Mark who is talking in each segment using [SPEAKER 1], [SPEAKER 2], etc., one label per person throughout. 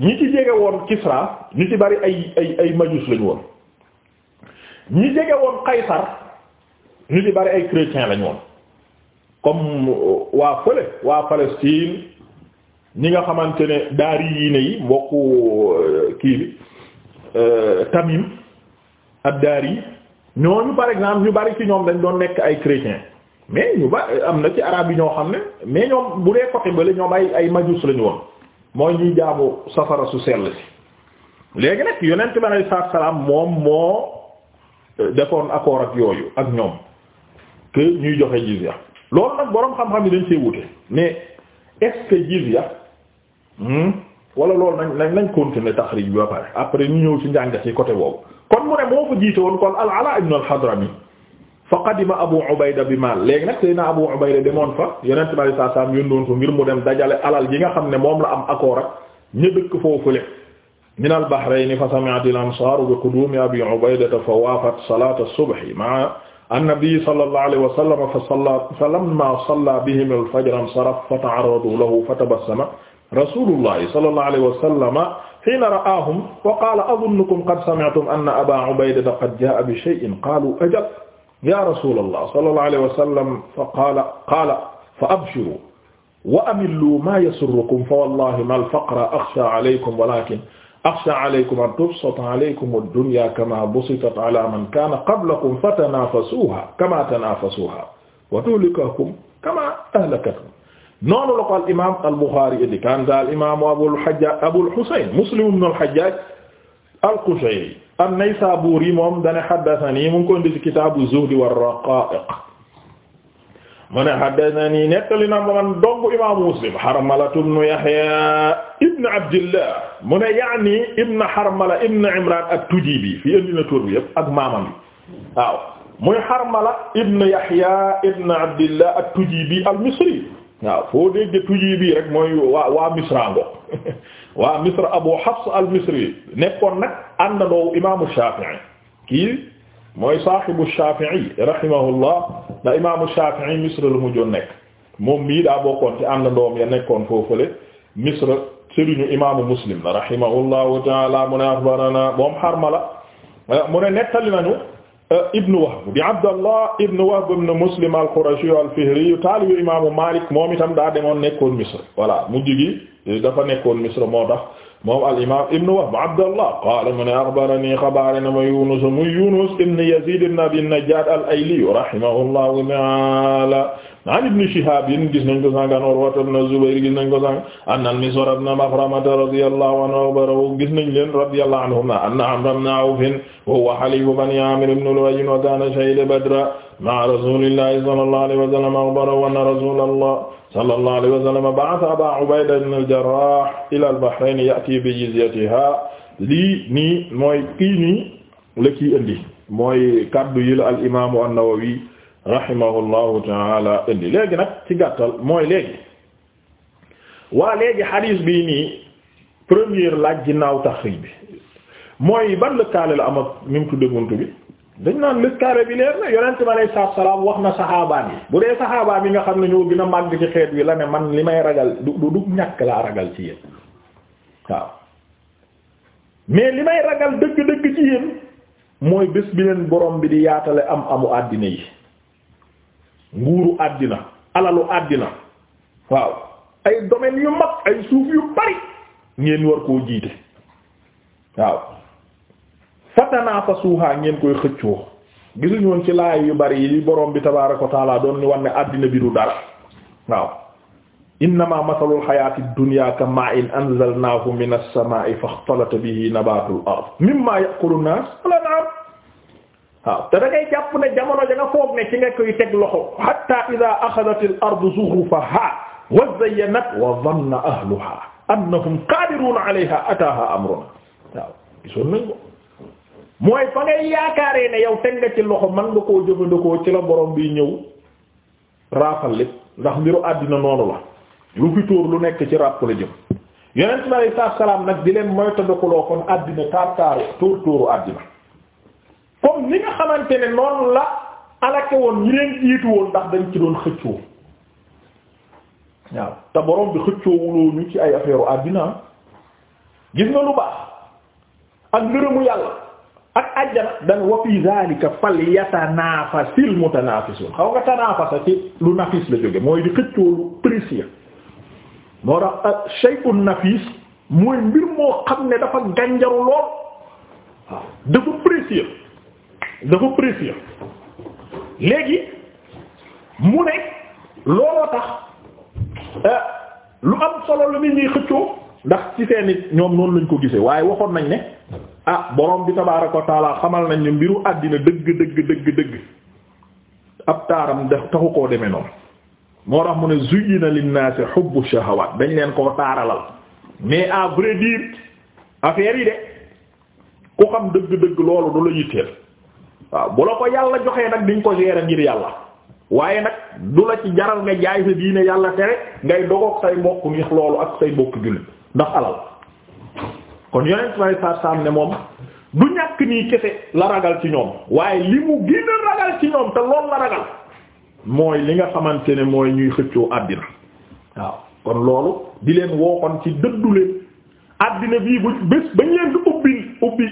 [SPEAKER 1] ñi ci jege woon Kisra ñi ci bari ay ay ay majus lañu woon ñi jege woon Qaysar ñu ci bari ay chrétiens lañu woon comme euh, waa fële waa Palestine ñi nga xamante ne daari yii ne yi mbokku euh, kii bi euh, Tamim ak daari yi ñooñu par exemple ñu bari ci ñoom dañ doon nekk ay chrétiens mais ñu ba am na ci araab yi ñoo xam ne mais ñoom bu dee côté bale ñoom ay ay majus lañu woon mooy ñuy jaamu safara su sell si léegi nag yonent bi alayhi salaatu salaam moom moo euh, defoon accord ak yooyu ak ñoom que ñuy joxe jizya loolu nag boroom xam-xam yi dañ cee wute mais est-ce que jizya hmm, wala loolu nañ nañ nañ continuer taxrij bi ba pare après ñu ñëw si njàngat si côté boobu kon mu ne moo fa jiite woon kon al Alaa ibn al-Hadrami fa qadima Abu Ubayda bi maal léegi nag Seydina Abu Ubayda demoon fa Yonent bi sallallahu alayhi wasallam yónnoon ko ngir mu dem dajale alal yi nga xam ne moom la am accord ak ña dëkk foofule min al-Bahrayni fa sami'at al-ansaaru bi quduumi Abi Ubayda fa waafat salaata as-subhi ma'a an-nabi sallallahu alayhi wasallam fa salla falammaa salla bihim al-fajr insarafa fa ta'arradu lahu fa tabassama rasuulullahi sallallahu alayhi wasallam hiina ra'aahum wa qaala azunnukum qad sami'tum anna Abaa Ubayda qad jaa'a bi shay'in qaaluu ajal ya rasulallah sallallahu alayhi wa sallam fa qaala qaala fa abshiru wa amillu ma yasurrukum fa wallahi ma alfaqra axsha alaykum walakin axsha alaykum an tubsata alaykum ad-dunya kama busitat ala man kana qablakum fatanafasuha kama tanafasuha wa tuhlikakum kama ahlakatkum noonu la ko al imaam al Buxaari indi kan daal imaamu Abul Hajjaaj Abul Husayn Muslim ibn al Hajjaaj al-Qushayri an-Naysaburi moom dane haddathani mu ngi ko indi ci kitaabu zuhdi war-raqaa'iq mu ne haddathani nettali na man dong imaamu Muslim Harmalatu ibn Yahya ibn Abdillah mu ne yaani ibn Harmala ibn Imraan at-Tujiibi fii indi na tur bi yëpp ak maamam bi waaw muy Harmala ibn Yahya ibn Abdillah at-Tujiibi al-Misri waaw foo dégg tuji bii mooy waa waa waa misra abu hafs al misri nekkoon nag àndandoo imaamu shafi'i kii mooy saahibu shafi'i rahimahullah da imaamu shafi'i misra la mujjoon nekk moom mii daa bokkoon ci àndandoom ya nekkoon foofule misra sëriñu imaamu muslim la rahimahullahu taala mu ne axbarana moom xarmala mu ne nettali nañu Euh, ibn Wahb di Abdallah Ibn Wahb ibn Muslim al-Qurashi al-Fihri taalibu imaamu Malik moom itam daa demoon nekkoon Misr voilà mujj gi dafa nekkoon Misr moo tax moom al-imaam Ibn Wahb Abdallah qaala mu ne axbaranii xabaarana ma Yunus muy Yunus ibn Yazid ibn Abi Najjad al-Ayli rahimahullahu ta'ala an ibn Shihab yéen gis nañ ko sànq an Urwata ibn Zubayr gis nañ ko sànq an al-Miswar ibn Makhramata radiyallahu anhu barahu gis nañ leen radiyallahu anhum anna Amr ibn Awf wa huwa halifu bani Amir ibn Lu'ay wa kana shahida Badra ma'a rasulillahi sallallahu alayhi wa sallam akhbarahu anna rasulallah sallallahu alayhi wa sallam ba'atha Aba Ubayda ibn al-Jarrah ila al-Bahrayn ya'ti bi jizyatiha lii nii mooy kii nii la kii indi mooy kaddu yi la al-imam an-Nawawi rahimahullahu taala indi léegi nag ci gàttal mooy léegi waa léegi xadiis bii nii première laaj ginnaaw taxriij bi mooy ban lëkkaale la am ak ni mu tudde bunt bi dañ naan lëkkaale bi leer na yonent bi alayhi salaatu salaam wax na saxaabaan yi bu dee saxaabaan bi nga xam ne ñoo gën màgg ci xeet wi la ne man li may ragal du du ñàkk laa ragal ci yéen waaw mais li may ragal dëgg-dëgg ci yéen mooy bés bi leen borom bi di yaatale am amu àddina yi nguuru àddina alalu àddina waaw ay domaines yu mag ay suuf yu bari ngeen war koo jiite waaw fatanafasuha ngeen koy xëccoo gisuñu woon ci laay yu bari yi borom bi tabaaraka wa taala doon ñu wan ne àddina bi du dara waaw innama masalul xayaati dunya kama'in anzalnaahu minas samaa'i faxtalata bihi nabatul ard mimma ya'kulu an-naas wal waaw te da jàpp ne jamono ja nga foog ne ci nga koy teg loxo hatta idha akhadhat al-ardu zukhrufaha wa zayyanat wa dhanna ahluha annahum qadiruna alayha ataha amruna waaw gisoon nañ ko mooy fa ngay yaakaaree ne yow teg nga ci loxo man nga koo jëfandikoo ci la borom bi ñëw raafal lépp ndax mbiru àddina noonu la lu fi tóor lu nekk ci ràpp la jëm yonent bi alayhi salaam nag di leen moytandikuloo kon àddina taar taaru tóor tóoru àddina comme ni nga xamante ne noonu la alake woon ñi leen jiitu woon ndax dañ ci doon xëccoo waaw te borom bi xëccoowuloo ñu ci ay affaire u àddina gis nga lu baax ak ngërëmu yàlla ak àjjana dan wa fi zalika falyatanafasil mutanafisun xaw nga tanafasa ci lu nafis la jóge mooy di xëccoo lu précieux moo tax ah, shay'un nafis mooy mbir moo xam ne dafa gànjaru lool waaw dafa précieux dafa précieux léegi mu ne looloo tax euh, lu am solo lu nit ñuy xëccoo ndax ci seeni ñoom noonu lañ ko gisee waaye waxoon nañ ne ah borom bi tabaaraka wa taala xamal nañ ne mbiru àddina dëgg dëgg dëgg dëgg ab taaram def taxu koo demee noonu moo tax mu ne zuyyina linnaasi hubbu shahawaat dañ leen koo taaralal mais à vrai dire affaire yi de ku xam dëgg-dëgg loolu du la yitteel waaw bu la ko yàlla joxee nag diñ ko gérer ngir yàlla waaye nag du la ci jaral nga jaay sa diine yàlla tere ngay dogoog say mbokk ngir loolu ak say bokk jullit ndax alal kon yonent may sar sam ne moom du ñàkk nii kese la ragal ci ñoom waaye li mu gën ragal ci ñoom te loolu la ragal mooy li nga xamante ne mooy ñuy xëccoo àddina waaw kon loolu di leen wookoon ci dëddu leen àddina bii bu bés bañ leen di ubbi ubbi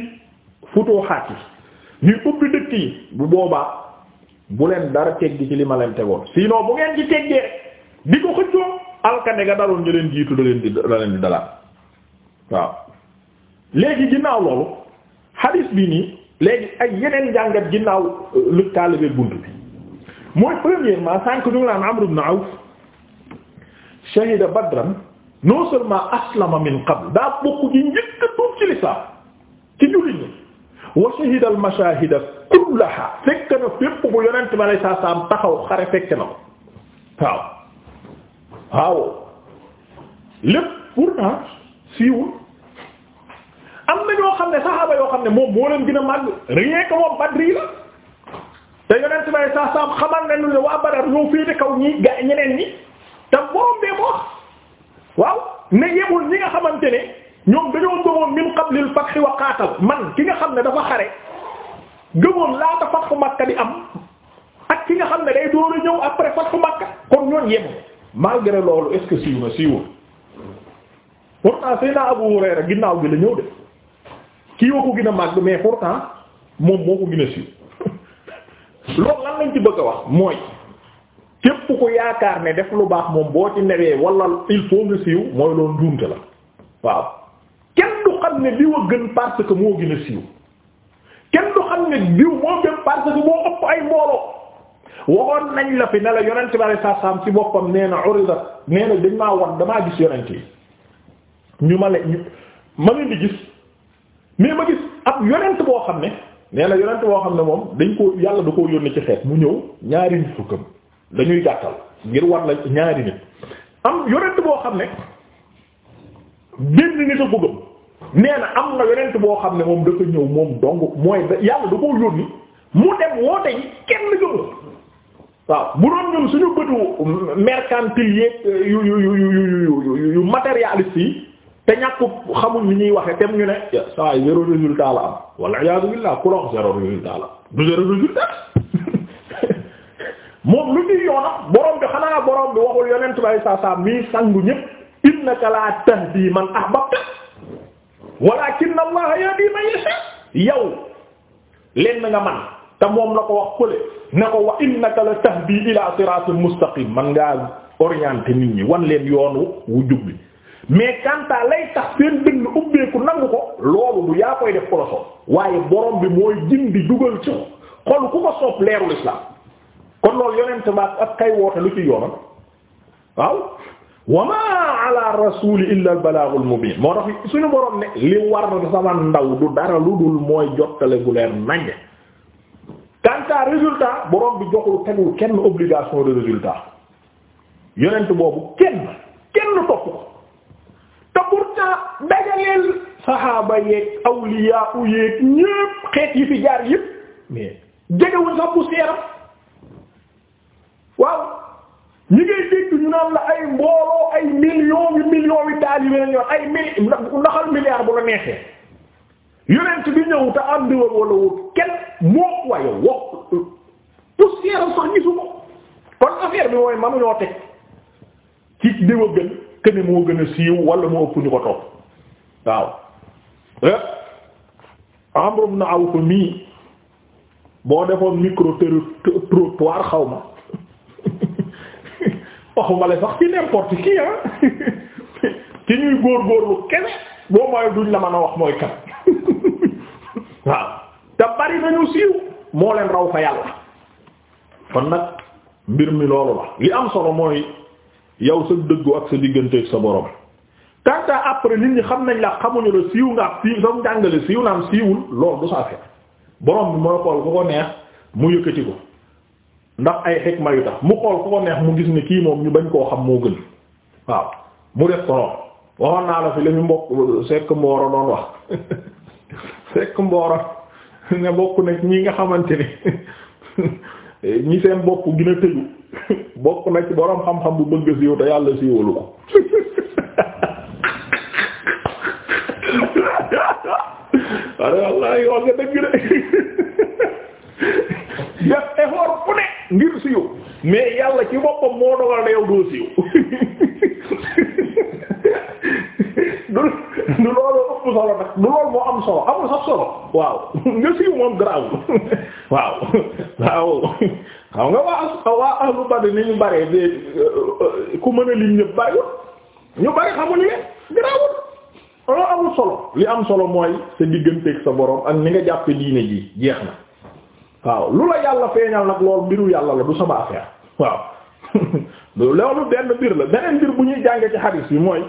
[SPEAKER 1] futoo xaat yi ñuy ubbi yi bu boobaa bu leen dara teggi ci li ma leen tegoon sinon bu ngeen ci teggee di ko xëccoo alkande nga daloon ñu leen jiitu da leen di da leen di dalaat waaw léegi ginnaaw loolu hadis bi nii léegi ay yeneen jàngat ginnaaw euh, lu taalibe bunt bi mooy premièrement sànq ñu ngi naan Amr ibn Awf shahida Badran non seulement aslama min qabl daa bokk ci njëkk a tuub ci lislaam wa shahida al mashahida kullaha fekk na fépp bu yonent ba lay saa saam taxaw xare fekk na ko waaw waaw lépp pourtant siiwul am na ñoo xam ne saxaaba yoo xam ne moom moo leen gën a màgg rien que moom Badri la te yonent ba lay saa saam xamal nañu ne waa Badar ñoo féete kaw ñi gaa ñeneen ñi te borom bee moo waaw ne yebul ñi nga xamante ne ñoom dañoo gëmoon min qablil fath wa qaatal man ki nga xam ne dafa xare gëmoon laata fathu Makka di am ak ki nga xam ne day dooru ñëw après fathu Makka kon ñoon yem malgré loolu est-ce que siiw na siiwul pourtant Seydina Abu Hurayra ginnaaw gi la ñëw de kii woo ko gën a màgg mais pourtant moom moo ko gën a siiw loolu lan lañ ci bëgg a wax mooy képp ku yaakaar ne def lu baax moom boo ci newee wala il faut nga siiw mooy loolu njuumte la waaw xam ne diw a gën parce que moo gën a siiw kenn du xam ne diw moo gën parce que moo ëpp ay mbooloo waxoon nañ la fi ne la yonent bi sallallahu ci boppam nee na urida nee na dañ maa won damaa gis yonent yi ñu ma le ñu ma leen di gis mais ma gis ab yonent boo xam ne nee na yonent boo xam ne moom dañ ko yàlla da koo yónni ci xeet mu ñëw ñaari nit fukkam dañuy gàttal ngir war la ñaari nit am yonent boo xam ne benn nit a bëggam nee na am na yonent boo xam ne moom dafa ñëw moom dong mooy yàlla da koo yónni mu dem woote yi kenn gëmu waaw bu doon ñun suñu bëtu mercantile yeeg yu yu yu yu yu matérialiste yi te ñàkk xamuñ ni ñuy waxe tem ñu ne saa yi zéro résultat la am walla iyaadu billaah ku lox zéro résultat la du zéro résultat moom lu ñuy yoonam borom bi xanaa borom bi waxul yonent bay saa saa mii sangu ñépp innaka laa tahdi man ahbabta walakin allah yahdi man yasha yow lenn nga man te moom la ko wax pële na ko wa innaka la tahdi ila siratin mustaqim man ngaa orienté nit ñi wan leen yoonu wu jub bi mais kanta lay tax seen dënn ubbeeku nangu ko loolu du yaa koy def kolosoon waaye borom bi mooy di dugal ci xol ku ko soob leerul islam kon loolu yonent ba ak kay woote lu ci yoonam waaw wa maa ala rasuli illa al balaghul moo tax suñu borom ne li war sama ndaw du dara lu dul mooy jottale gu leer naññ. quant résultat borom bi joxul tegul kenn obligation de résultat yonent boobu kenn kenn topp ko te pourtant dajaleel saxaaba yeeg awliya u xeet yi fi jaar yépp mais jegewul sax bu seeram waaw. ñi ngay dégg ñu naan la ay mbooloo ay millions yu millions yu taal yu mel ne ay mil ndaxal milliard bu la neexee yonent bi ñëw te am di wala wut kenn moo waaye wo poussière sax gisu kon affaire bi mooy manu ñoo teg ci diw gën këne moo gën a siiw wala moo ëpp ñu ko topp waaw eh, Amr ibn Awf mii boo defoon micro trottoir xaw ma waxumale la sax ci n'importe qui ah ci ñuy góorgóorlu kene boo mooy duñ la man a wax mooy kat waaw te bari nañu siiw moo leen raw fa yàlla kon nag mbir mi loolu la li am solo mooy yow sa dëggu ak sa digganteeg sa borom quant à après nit ñi xam nañ la xamuñu la siiw nga ak siiw sam jàngale siiw naam siiwul loolu du sa affaire bi mooy xool ku ko neex mu yëkkati ko ndax ay xikma yu mu xool ku ko neex mu gis ni kii moom ñu bañ koo xam moo gën waaw mu def ko noonu la mbokk sekk mbooro doon wax sekk mbooro ne bokk nag ñi nga xamante ni ñi seen bopp gina tëju bokk na ci xam-xam bu bëgg siiw te yàlla siiwalu ko walla walla yoo nga dëgg de doo siiw du loolu ëpp solo nag du loolu moo am solo amul sax solo waaw nga siiw moom garaaw waaw waaw nga waa waa ahlu Badr ni ñu bare de euh, ku mën a lim ñëpp bariwul ñu bari xamul leen garaawul amul solo li am solo mooy sa digganteeg sa borom ak ni nga jàppe diine ji jeex na waaw lu la yàlla feeñal nag loolu mbiru yàlla la du sama affaire waaw loolu benn mbir la beneen biir bu ñuy jànge ci xadiis yi mooy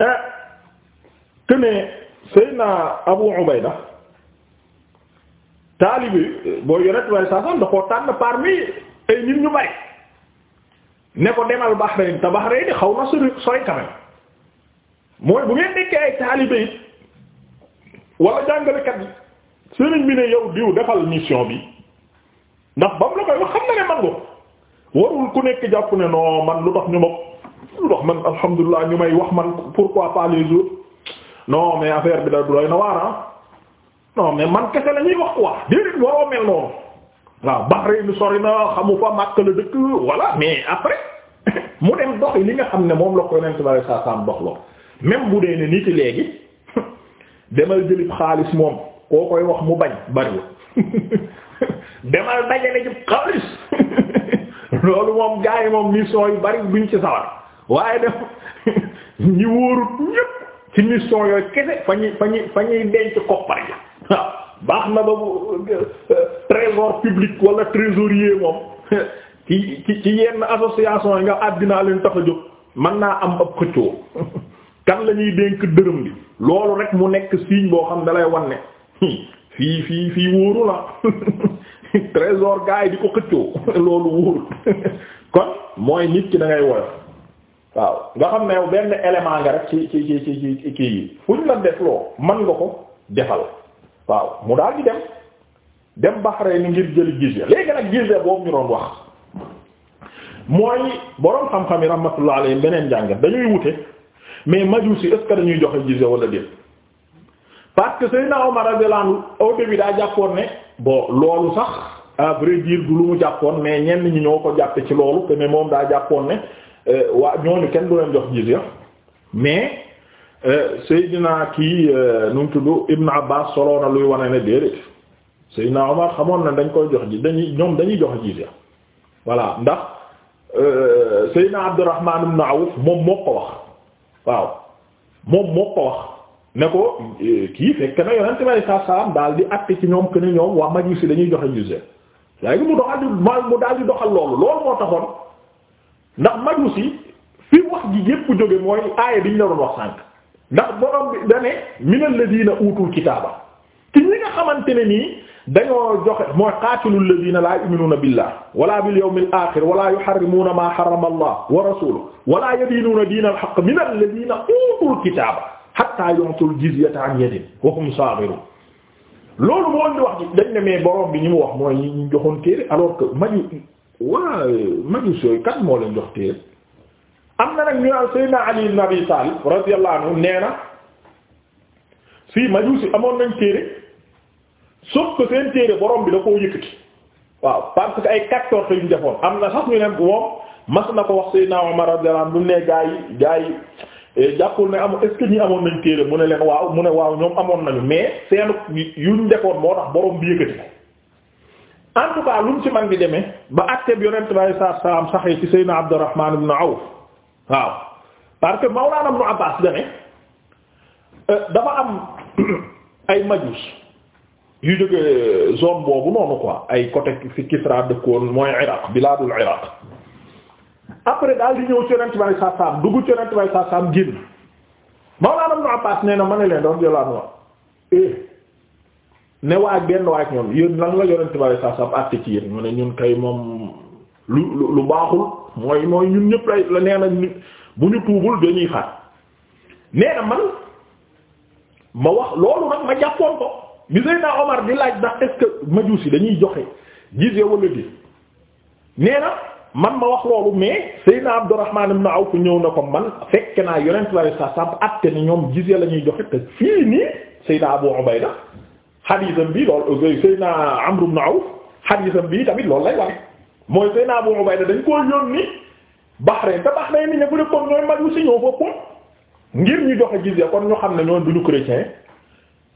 [SPEAKER 1] eh, que ne Seydina Abu Ubayda taalibi boo yonent way sasan da tànn parmi ay nit ñu bari ne ko demal Bahrain te xaw na sori sori tamit mooy bu ngeen nekkee ay taalibe it wala jàngalekat sëriñ bi ne yow diw defal mission bi ndax ba mu la koy wax xam na ne man ko warul ku nekk jàpp ne non man lu tax ñu ma lu tax man alhamdulilah ñu may wax man pourquoi pas les autres non mais affaire bi da doy na waar ah. non mais man kese la ñuy wax quoi déedéet waroo mel noonu waaw Bahreïn sori na xamu fa Makka la dëkk voilà mais après mu dem dox li nga xam ne moom la ko Yonent bi saa saa dox lool même bu dee ne nit léegi demal jëlib xaalis moom koo koy wax mu bañ bariwul demal dajale jub xaalis. loolu moom gars yi moom mission yu bari duñ ci sawar waaye def ñi wóorut ñépp ci mission yooyu kese fa ñuy fa ñuy denc koppar yi baax na ba euh, trésor public wala trésorier moom ci ci ci yenn association yi nga àddinaa leen tax jóg mën naa am ab xëccoo kan la ñuy dénk dërëm bi loolu rek mu nekk signe boo xam dalay wan fii fii fii wóoru la trésor gars yi di ko xëccoo loolu wóorul kon mooy nit ki da ngay woyof waaw nga xam ne yow benn élément nga rek ci ci ci ci ci kii yi fu ñu la def loo nga ko defal waaw mu daal di dem dem baxare ni ngir jëli gise léegi nag gise boobu ñu doon wax mooy boroom xam-xam yi rahmatullah alayhi beneen jàngat dañuy wute mais majusi est-ce que dañuy joxe gise wala déet parce que Seydina Omar radiyallahu anhu au daa jàppoon ne bon loolu sax à vrai du lu mu jàppoon mais ñenn ñi ñoo ko jàppe ci loolu que ne moom daa jàppoon ne euh, waa ñooñu kenn du leen jox jizya mais euh, Seydina kii euh, nu mu tudd Ibn Abbas solo na luy wane ne déedéet Seydina Omar xamoon na dañ koy jox ji dañuy ñoom dañuy jox jizya voilà ndax Seydina Abdurrahman ibn Awf moom moo ko wax waaw moom moo ko wax. ne ko eh, kii fekk na yonent bi saa salaam daal di àtte ci ñoom que ne ñoom waa majusi dañuy joxe jizya léegi mu doxal di mu daal di doxal loolu loolu moo taxoon ndax majusi fi wax ji yépp jóge mooy aaya bi ñu la doon wax sànq ndax borom bi da ne minal ladina utul kitaaba ci ñi nga xamante ne nii dañoo joxe mooy qaatilul ladina laa bi billah wala bil yawmil aaxir wala yuharrimuuna maa harrama allah wa rasuluhu wala yadiinuuna diinal haqq minal ladina utul kitaaba hatta yu'tul jizyata an yadin wa hum loolu moo wax dañ ne mais bi ñi mu wax mooy ñu joxoon téere alors que maju waa majus yooyu kan moo leen jox téere am na nag ñu naan Seydina Ali ibn Abi Talib radiyallahu anhu nee na fii majusi amoon nañ téere sauf que seen téere borom bi da koo yëkkati waaw parce que ay quatorze yu ñu defoon am na sax ñu ne moom mas na ko wax Seydina Omar radiyallahu anhu du ne gaa yi jàppul ne amul est-ce amoon nañ téere mu ne leen waaw mu ne waaw ñoom amoon nañu mais seenu ñu defoon moo tax borom bi yëkkati ko en tout cas lu mu ci man di demee ba àtteeb yonent bi alayhi salaatu salaam saxee ci Seydina Abdurrahman ibn Awf waaw que Mawlana Ibn Abbas dane euh, am ay majus yu jóge zone boobu noonu quoi ay côté fi Kisra dëkkoon mooy Iraq bilaadul Iraq après daal di ñëw ci yonent bi sallallahu alayhi wasallam dugg ci yonent bi sallallahu alayhi wasallam génn Mawlana Ibn Abbas nee na ma ne leen doon jëlaat wa ne waa genn waa ñoom yéen lan la yonent bi sallallahu alayhi wasallam àtte ci yéen ñu ne ñun kay moom lu lu baaxul mooy ñun ñëpp lay la nee na bu ñu tuubul dañuy faat nee man ma wax loolu nag ma jàppoon ko bi Seydina Omar di laaj ndax est-ce dañuy joxe gis wala di nee man ma wax loolu mais Seydina Abdourahman ibn Awf ñëw na ko man fekk naa yonent la sa sab atte ni ñoom jizya la ñuy joxe te fii nii Seydina Abu Ubayda xadiisam bi loolu euh, Seydina Amr ibn Awf xadiisam bi tamit loolu lay waxe mooy Seydina Abu Ubayda dañ koo yónni Bahrain te Bahrain ni ne bu nekkoon ñooy mag si ñoo foppoon ngir ñu joxe jizya kon ñu xam ne ñoo duñu chrétien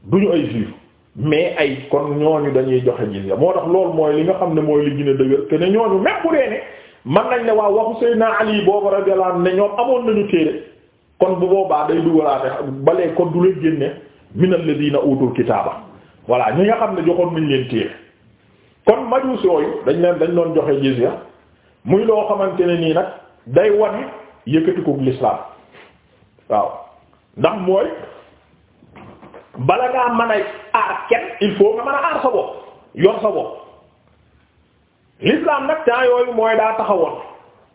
[SPEAKER 1] duñu ay juif mais ay kon ñooñu dañuy joxe jizya moo tax loolu mooy li nga xam ne mooy li man nañ ne waaw waxu Seydina Ali boobu radiyallahu anhu ne ñoom amoon nañu téere kon bu boobaa day dugalaate balee kon du leen génne min alladina utul kitaaba voilà ñi nga xam ne joxoon nañ leen téere kon majuus yooyu dañ leen dañ doon joxe jizya muy loo xamante ne nii nag day wane yëkkati ko l'islam waaw ndax mooy bala ngaa mën a aar kenn il faut nga mën a aar sa bopp yor sa bopp l'islam nag temps yooyu mooy daa taxawoon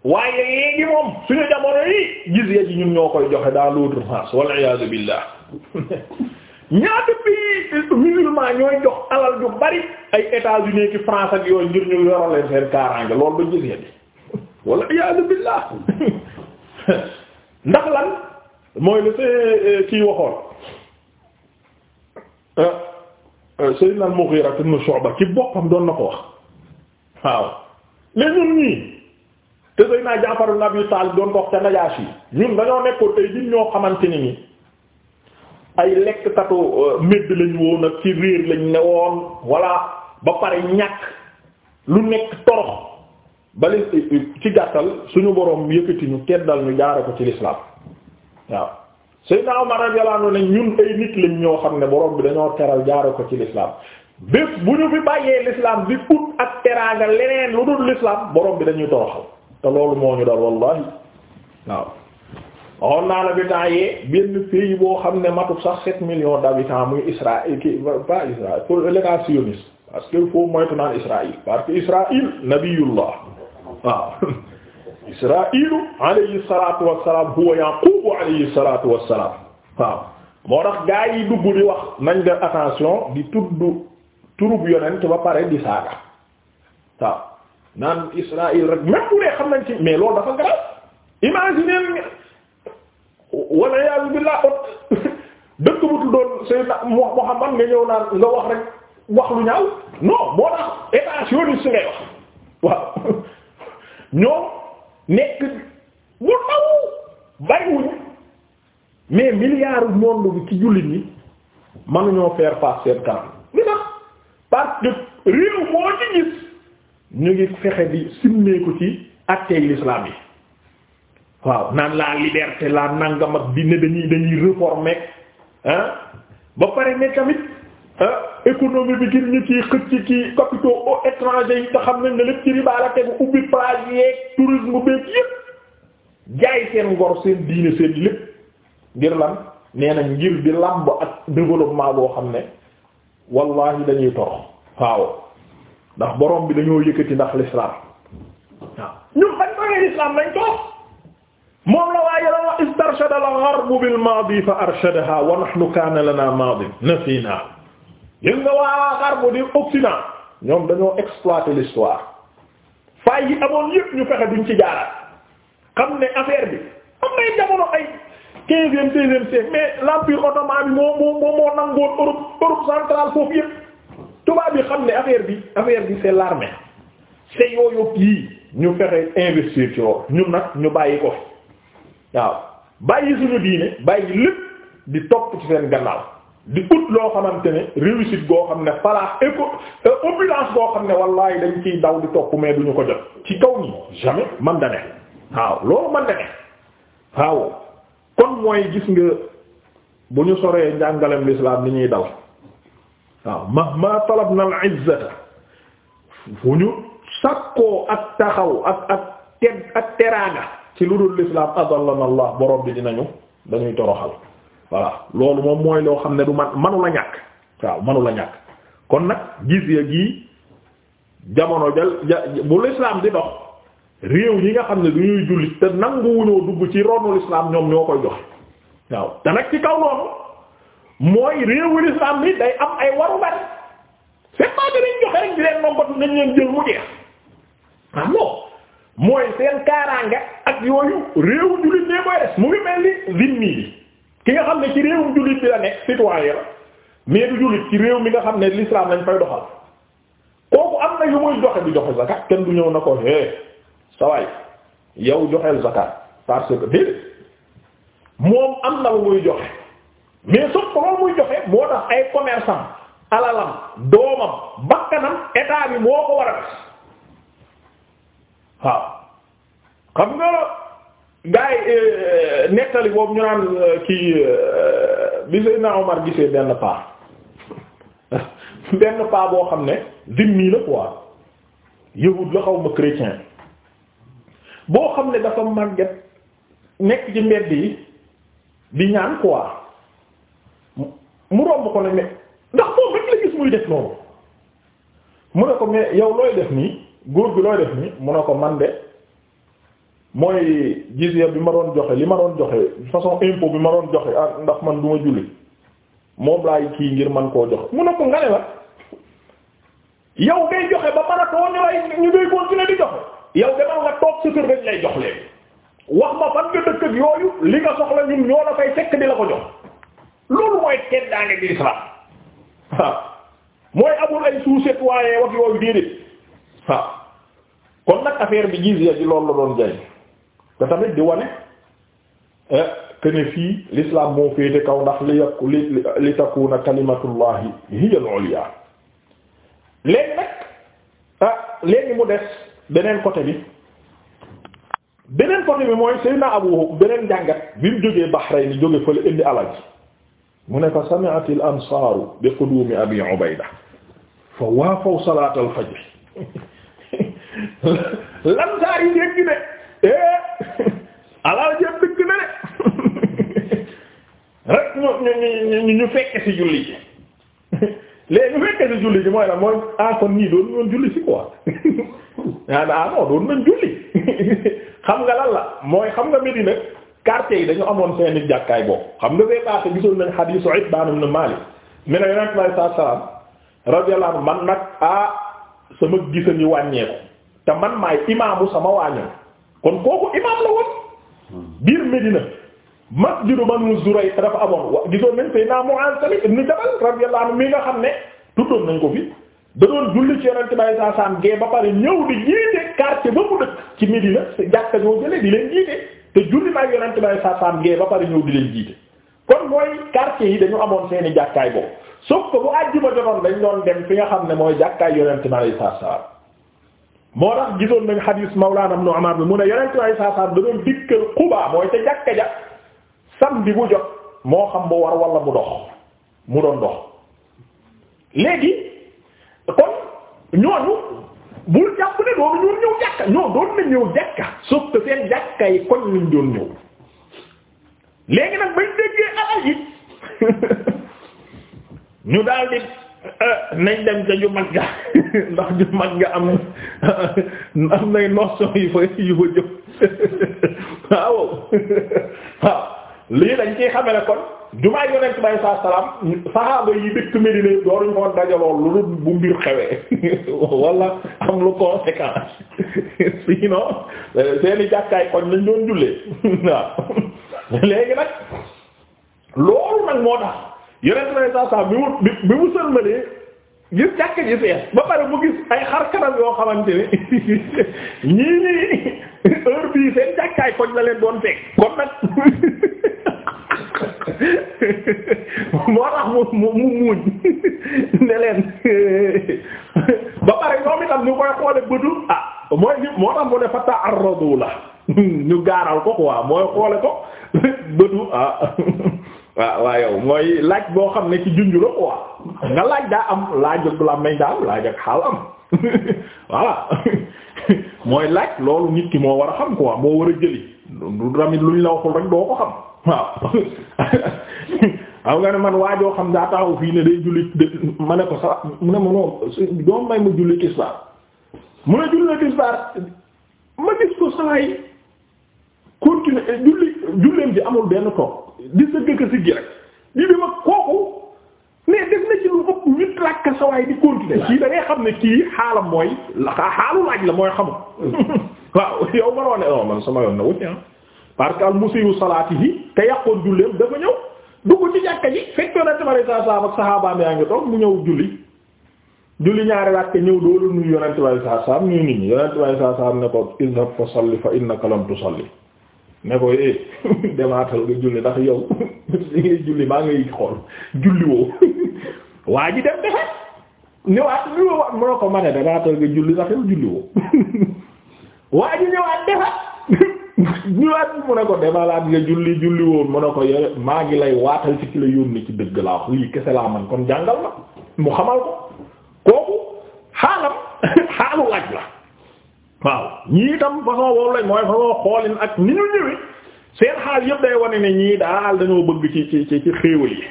[SPEAKER 1] waaye léegi moom suñu jamono yi gis ya ci ñun ñoo koy joxe daa l'autre sens wal iyaadu billah ñaata pays musulman ñooy jox alal ju bari ay États-Unis ki France ak yooyu ngir ñu yoroleen seen kaaraange loolu ba gis ya bi wal iyaadu ndax lan mooy la see eh, kii waxoon eh, eh, Sayyidna Mughira ibn Shu'ba ci boppam doon na ko wax waaw mais ñun ñii te sëy naa Jaafar ibn Abi doon ko wax ca Najaashi ñun dañoo nekkoon tey ñun ñoo xamante ni nii ay lekk tatu euh, medd lañu woon ak ci réer lañ ne woon walla ba pare ñàkk lu nekk torox bali euh, euh, ci gàttal suñu boroom yëkkati ñu teddal ñu jaare ko ci lislaam waaw Seydina Umar radiyallahu anhu ne ñun ay nit lañ ñoo xam ne boroom bi dañoo teral jaare ko ci lislaam bés bu ñu fi bàyyee l'islam di ut ak teraanga leneen lu dul l'islam borom bi dañuy toroxal te loolu moo ñu dal wallahi waaw waxoon naa la bi temps yee benn pays boo xam ne matul sax sept millions d'habitants muy Israël ki pas Israël pour l'état sioniste parce que il faut moytu naan Israël parce que Israël nabiyullah waaw Israëlu alayhi salatu wassalam huwa Yaqubu alayhi salatu wassalam waaw moo tax gaa dugg di wax nañ def attention di tudd turub yonent ba pare di saaga waaw naan Israël rek même bu dee xam nañ ci mais lool dafa grave imagine wala yàlla bi laa ot dëkk bu tuddoon Seydina Muhammad nga ñëw naan nga wax rek wax lu ñaaw non moo tax état sioniste ngay wax waaw ñoom nekk bu ndaw bariwuñu mais milliards monde bi ci jullit ñi mënuñoo faire face seen kanam parce que réew moo ci gis ñu ngi fexe bi simmeeku ci attey l'islam yi waaw naan la liberté la nangam bi di ne dañuy dañuy réformer ba pare ne tamit économie bi gir ñu ciy xëcc ci capitaux au étranger yi te xam nañ ne lépp ci riba la ubbi plage yeeg tourisme beeg yépp jaay seen ngor seen diine seen lépp ngir lan nee nañ di làmb ak développement boo xam ne wallahi dañuy torox waaw ndax borom bi dañoo yëkkati ndax l'islam waaw ñun l'islam lañ torox moom la waaye la wax istarshada al maadi fa arshadaha wa nahnu kaana lana maadin nasina yéen nga waa gharb di occident ñoom dañoo exploiter l'histoire faay yi amoon yëpp ñu fexe duñ ci jaaraat xam ne affaire bi am nay quinzième seizième siècle mais l'empire ottoman bi moo moo moo nangoon Europe Europe centrale foofu yëpp tubaab yi xam ne affaire bi affaire bi c'est l'armée c'est yooyu yii ñu fexe investir ci ñun nag ñu bàyyi ko fi waaw bàyyi suñu diine bàyyi lépp di topp ci seen gannaaw di ut loo xamante ne réussite goo xam ne falax éco euh, opulence goo xam ne wallahi dañ ciy daw di topp mais duñu ko jot ci kaw nii jamais man da waaw loolu man waaw. kon mooy gis nga bu ñu soree njàngalem lislaam ni ñuy dal waaw mahma talabna al izzata fu ñu sakkoo ak taxaw ak ak tedd ak teraanga ci lu dul lislaam adallana allah borom bi dinañu dañuy toroxal voilà loolu moom mooy loo xam ne du man manu la ñàkk waaw manu la ñàkk kon nag gis ya gii jamono ja bu lislaam di dox réew yi nga xam ne du ñuy jullit te nanguwuñoo dugg ci ronul islam ñoom ñoo koy joxe waaw te nag ci kaw noonu mooy réewul islam bi day am ay waru bari c'est pas que dañ joxe rek di leen ki nga xam ne ci réewum jullit bi la nekk citoyen la mais du jullit ci réew mi nga xam ne l'islam lañ koy doxal kooku am na yu muy joxe di joxe zakat kenn du ñëw na ko hé sawaay yow joxeel zakat parce que moom am na lu muy joxe mais sauf que loolu muy joxe moo tax ay commerçant alalam doomam bakkanam état bi moo ko war a def waaw xam nga gars euh, nettali boobu ñu naan euh, kii euh, bi Seydina Omar gisee benn paa benn paa boo xam ne zimmi la quoi yahud la xaw ma chrétien boo xam ne dafa màgget nekk ci mbedd yi di ñaan quoi mu romb ko ne mais ndax moom rek la gis muy def noonu mu ne ko mais yow looy def nii góor bi looy def nii mu ne ko man de mooy jizya bi ma doon joxe li ma doon joxe façon impôt bi ma doon joxe ah ndax man du ma julli moom laay kii ngir man koo joxe mun ne ko nga ne la yow ngay joxe ba mën a too ñu lay ñu ngay continuer di joxe. yow demal nga toog sa kër dañ lay jox leen wax ma fan nga dëkk ak yooyu li nga soxla ñun ñoo la fay di la ko jox loolu mooy kenn daa ay kon nag affaire bi gis ya ci loolu la doon eh, moo féete kaw ndax li yakku kalimatullahi hiya al-ulya nag ah léegi mu des. beneen côté bi beneen côté bi mooy Seydina Abu beneen jàngat bi mu jógee Bahrayn ni jóge fële indi alal ji mu ne fa sami'at al ansaaru bi qudumi abi Ubayda fa waafaw salaat al fajr lansaar yi dégg ne eh alal jëm dëgg na de rek ñu ñu ñu ñu fekke ci julli ji mooy la mooy ah kon nii doon doon julli ci quoi. ah non doon nañ julli xam nga lan la mooy xam nga Medina quartier yi dañu amoon seeni jàkkaay boobu xam nga bee passé gisoon nañ hadiisu Itbaan ibn Maalik mi ne Yonent bi sallallahu alayhi wa sallam radiyallahu man nag ah sama gisani wàññeeku te man maay imaamu sama waañoon kon kooku imaam la woon biir Medina masjidu Banu Zuray dafa amoon wa gisoon nañ Seydina Mu'aaz tamit ibn Jabal radiyallahu anhu mi nga xam ne tuddoon nañ ko fi da doon julli ci yonent bay saa gee ba pare ñëw di jiite quartier ba mu dëkk ci Medina jàkka joo jële di leen jiite te julli may yonent bay saa gee ba pare ñëw di leen jiite kon mooy quartier yi dañu amoon seeni jàkkaay boobu sauf que bu àjjuma jotoon dañ doon dem fi nga xam ne mooy jàkkaay yonent bay saa saam moo tax gisoon nañ xadiis Mawlana Ibn Umar bi mu ne yonent bay saa saam da doon dikkal Quba mooy te jàkka ja samedi bu jot moo xam bu war wala mu doon dox kon ñooñu bul jàpp ne doonu ñoon ñëw jàkka ñoo doon nañ ñëw jàkka sauf que seen jàkka yi koñ lañ doon ñëw léegi nag bañ déggee alal yi ñu daal di euh, nañ dem ca ju mag ga ndax ju mag ga am am nay notion yu fa yu fa jëm waaw waaw lii dañ ciy xamee ne kon jumaa yonent bi saa salaam saxaaba yi dëkk Medina dooruñu ko dajaloo lu dul bu mbir xewee wala am lu conséquence sinon seeni jàkkaay koñ lañ doon jullee waaw léegi nag loolu nag moo tax yonent bi saa salaam bi mu bi mu sëlmalee gis jàkk ji fees ba pare mu gis ay xar kanam yoo xamante ne ñii nii seen jàkkaay koñ la leen doon fekk kon nag moo tax mu mu muuñ ne leen ba pare ñoom itam ñu koy xoole bëtu ah mooy moo tax mu ne fa ta'arradu la ñu gaaral ko quoi mooy xoole ko bëtu ah waaw waaw yow mooy laaj boo xam ne ci junju ko quoi nga laaj daa am laaj ak la may daal laaj ak xaal am voilà mooy laaj loolu nit ki moo war a xam quoi moo war a jëli du ramit luñ la waxul rek doo ko xam waaw xam nga ne man waajoo xam daa taxaw fii ne day julli ma ne ko sa mu ne ma noonu doom may ma julli tisbaar mu ne julli tisbaar ma gis ko sawaay continuer eh, julli julleem ji amul benn toog di sa gëkk si gi rek di bi kooku mais def na ci lu ëpp huit rakk sawaay di continuer kii da xam ne kii xaalam mooy la xaalu laaj la mooy xamul hmm. waaw yow ma ne oo oh, man sama yoon na wuti ah parce que al musiyu salaatihi te yàqoon julleem dafa ñëw dugg ci jàkka ji fekk yonent bi alayhi salaam ak saxaabaam yaa ngi toog mu ñëw julli julli ñaari laaj ñëw doolu nuyu yonent bi alayhi salaam nuyu nit ñi yonent bi alayhi salaam ne ko izhab fa salli fa innaka lam tusalli ne ko eh demaatal nga julli ndax yow li ngay julli maa ngay xool julli woo waa ji dem defe ñëwaat ñëwaat mënoo ko mane demaatal nga julli ndax yow julli woo waa ji ñëwaat defe ñëwaat mu ne ko demalaat nga julli julli woon mu ne ko maa ngi lay waatal ci ki la yónni ci dëgg laa wax lii kese laa man kon jàngal ma mu xamal ko kooku xaalam xaalu laaj la waaw ñii itam façon boobu lañ mooy façon xoolin ak ni ñu ñëwee seen xaal yëpp day wane ne ñii daal dañoo bëgg ci ci ci ci yi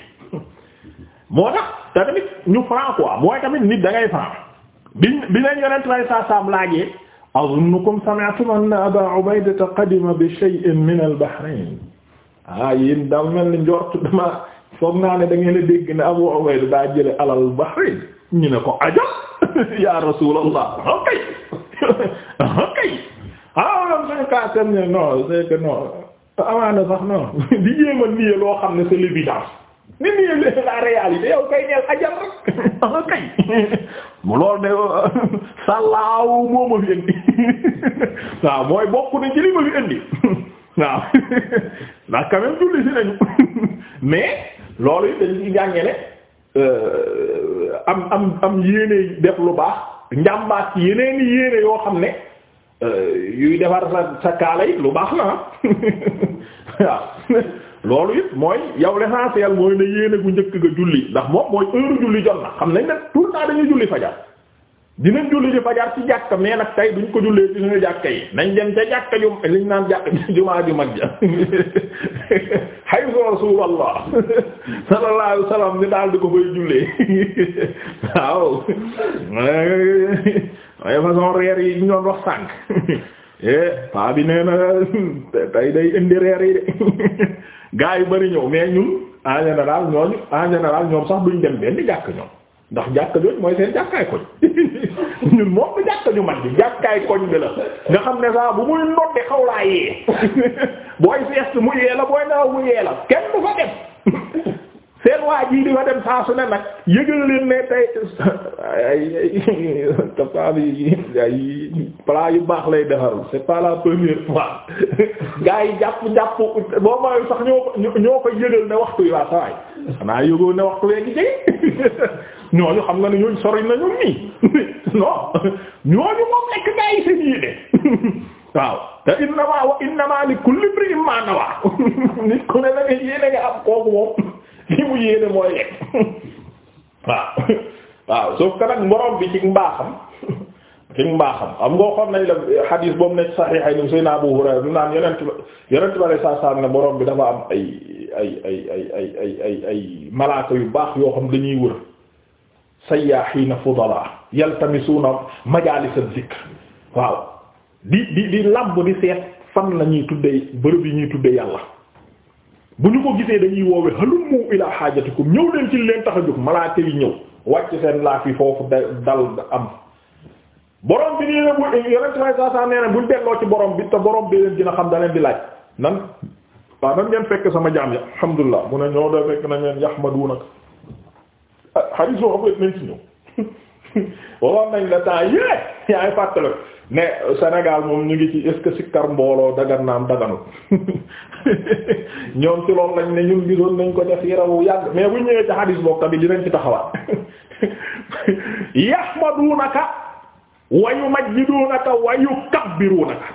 [SPEAKER 1] moo tax te tamit ñu franc mooy tamit nit da ngay franc bi bi leen yonent lay saa saam laajee azunnukum sami'tum anna Aba Ubayda qadima bi shay'in min al-Bahrayn ah yéen daal mel ni njort dama foog naa ne da ngeen a dégg ne Abu Ubayda daa jële alal Bahrayn ñu ne ko ajab ya Rasulallah ok ok ah non c'est que non c'est que non amaana sax non di jéem a nii loo xam ne c'est l'évidence ni nii la réalité yow kay neel ajal rek anga kay mu loolu ne sàllaaw moo ma fi indi waaw mooy bokk na ci li ma fi indi waaw ndax quand même julli si nañu mais loolu yi dañ ci jànge ne euh, am am am yéene def lu baax njàmbaat ci yeneen yéene yoo xam ne euh, yuy defar sa sa kaala yi lu baax na ah. waaw loolu it mooy yow l'essentiel mooy ne yéene gu njëkk ga julli ndax moom mooy heure julli jot na xam nañ ne tout le temps julli fajar dinañ julli di fajar ci jàkka mais nag tay duñ ko jullee ci nañ dem ca liñ naan jàkka jumaa ju mag ja haytu rasulullah sallallahu di ko fay jullee waaw waaye façon reer yi ñu wax sànq eh paa bi nee na tey day indi reer yi de gaa yi bari ñëw mais ñun en général ñooñu en général ñoom sax duñ dem benn jàkk ñoom ndax jàkk jooju mooy seen jàkkaay koñ ñun moom bu jàkk ñu man bi jàkkaay koñ bi la nga xam ne saa bu muy nodde xaw laa yee booy sieste mu yee la booy naaw mu yee la kenn du fa dem seen waa ji di fa dem saa su ne nag yëgal leen ne tey ay tapaab ay plat yu baax lay defaru c'est pas la première fois gars yi jàpp jàpp boo mayu sax ñoo ñoo yëgal ne waxtu yi waa sawaay xanaa yëgoo ne waxtu wee gi ñooñu xam nga ne ñooñ sori na ñun nii non ñooñu moom lekk gars yi seen waaw te innamaa wa innamaa li kulli imri'in maa nawaa nit ku ne la nga yéene nga am kooku moom li mu yéene mooy lekk waaw waaw sauf que nag bi ci mbaaxam ci mbaaxam xam nga xool nañ la xadiis boobu nekk saxiixay ni Seydina Abu Hurayra du naan yonent yonent bari saa saa ne borom bi dafa am ay ay ay ay ay ay ay malaaka yu baax yoo xam dañuy wër sayyahiina fudala yaltamisuuna majaalisa zikr waaw di di di làmb di seet fan la ñuy tuddee bërëb yi ñuy tuddee yàlla. bu ñu ko gisee dañuy woowe halummu ilaa haajatikum ñëw leen ci leen tax a jóg malaaka yi ñëw wàcc seen laaf yi foofu dal am borom bi nii ne bu yonent may saa saa nee na buñ delloo ci borom bi te borom bi leen gën xam daleen leen di laaj nan waa nan ngeen fekk sama jaam ya alhamdulilah mu ne ñoo da fekk nañ leen yahmadunak xarit ah, soo xam nañ ci ñëw waxoon nañ la temps yée yaay fàttale ne senegal moom ñu ngi ci est-ce que sikkar mbooloo dagan daganut ñoom ci loolu lañ ne ñun gisoon nañ ko def wu yàgg mais bu ñëwee ci hadis boobu tamit dinañ ci taxawaat yahmadunaka wa yumajjidunaka wa yukabbirunaka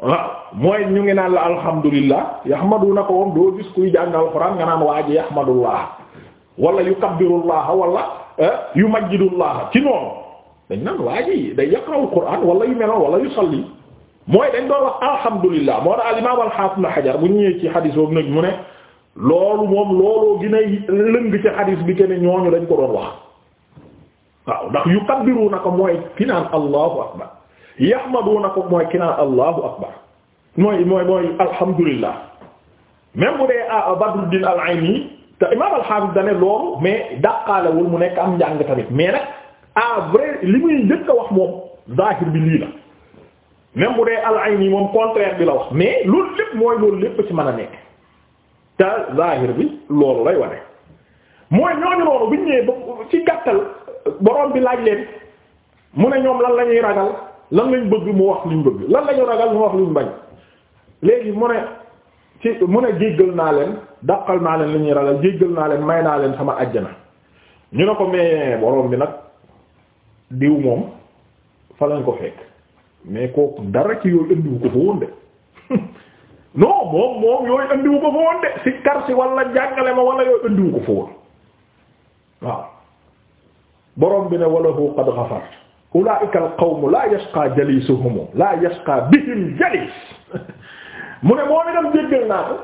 [SPEAKER 1] waaw mooy ñu ngi naan la alhamdulillah yahmadunaka woon doo gis kuy jàng alxuraan nga naan waa ji yahmadullah wala yukabbirullaha wala eh, yumajjidullah ci noonu dañ naan waa ji day yaqra'ul qur'aan wala yu mel wala yu salli mooy dañ doon wax alhamdulillah moo tax al imaam al-Haafiz Ibn Hajar bu ñëwee ci xadis boobu nag mu ne loolu moom looloo gën lëng ci xadis bi que ñooñu dañ ko doon wax waaw ndax yukabbiruuna ko mooy ki allahu akbar yahmaduuna ko mooy ki allahu akbar mooy mooy mooy alhamdulillah même bu dee Badruddin al-Ayni te imaam al-Haafiz dane loolu mais dàqaalewul mu nekk am njàng à vrai li muy njëkk wax moom zahir bi lii la même bu dee al-ayni moom contraire bi la wax mais loolu lépp mooy loolu lépp ci mën a nekk te zahir bi loolu lay wane mooy ñooñu loolu bu ñu ñëwee ci gàttal borom bi laaj leen mu ne ñoom lan la ñuy ragal lan lañ bëgg mu wax liñ bëgg lan la ñu ragal mu wax liñ bañ léegi mu ne ci mu ne jéggal naa leen dàqal naa leen li ñuy ragal jéggal naa leen may naa leen sama àjjana ñu ne ko mais borom bi nag. diw moom fa lañ ko fekk mais kooku dara ci yooyu indiwu ko fa woon de non moom moom yooyu indiwu ko fa de si kar si jàngale ma wala yooyu indiwu ko fa waaw borom bi ne walahu qad ghafar ulaa'ika alqawmu laa yashqaa jaliisuhum laa yashqaa bihim jaliis mu ne moo ne dem jéggal naa ko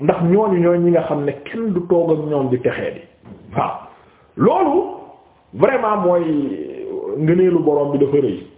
[SPEAKER 1] ndax ñooñu ñooy nga xam ne kenn du toog ñoom di texee di waaw loolu vraiment mooy ngëneelu borom bi dafa rëy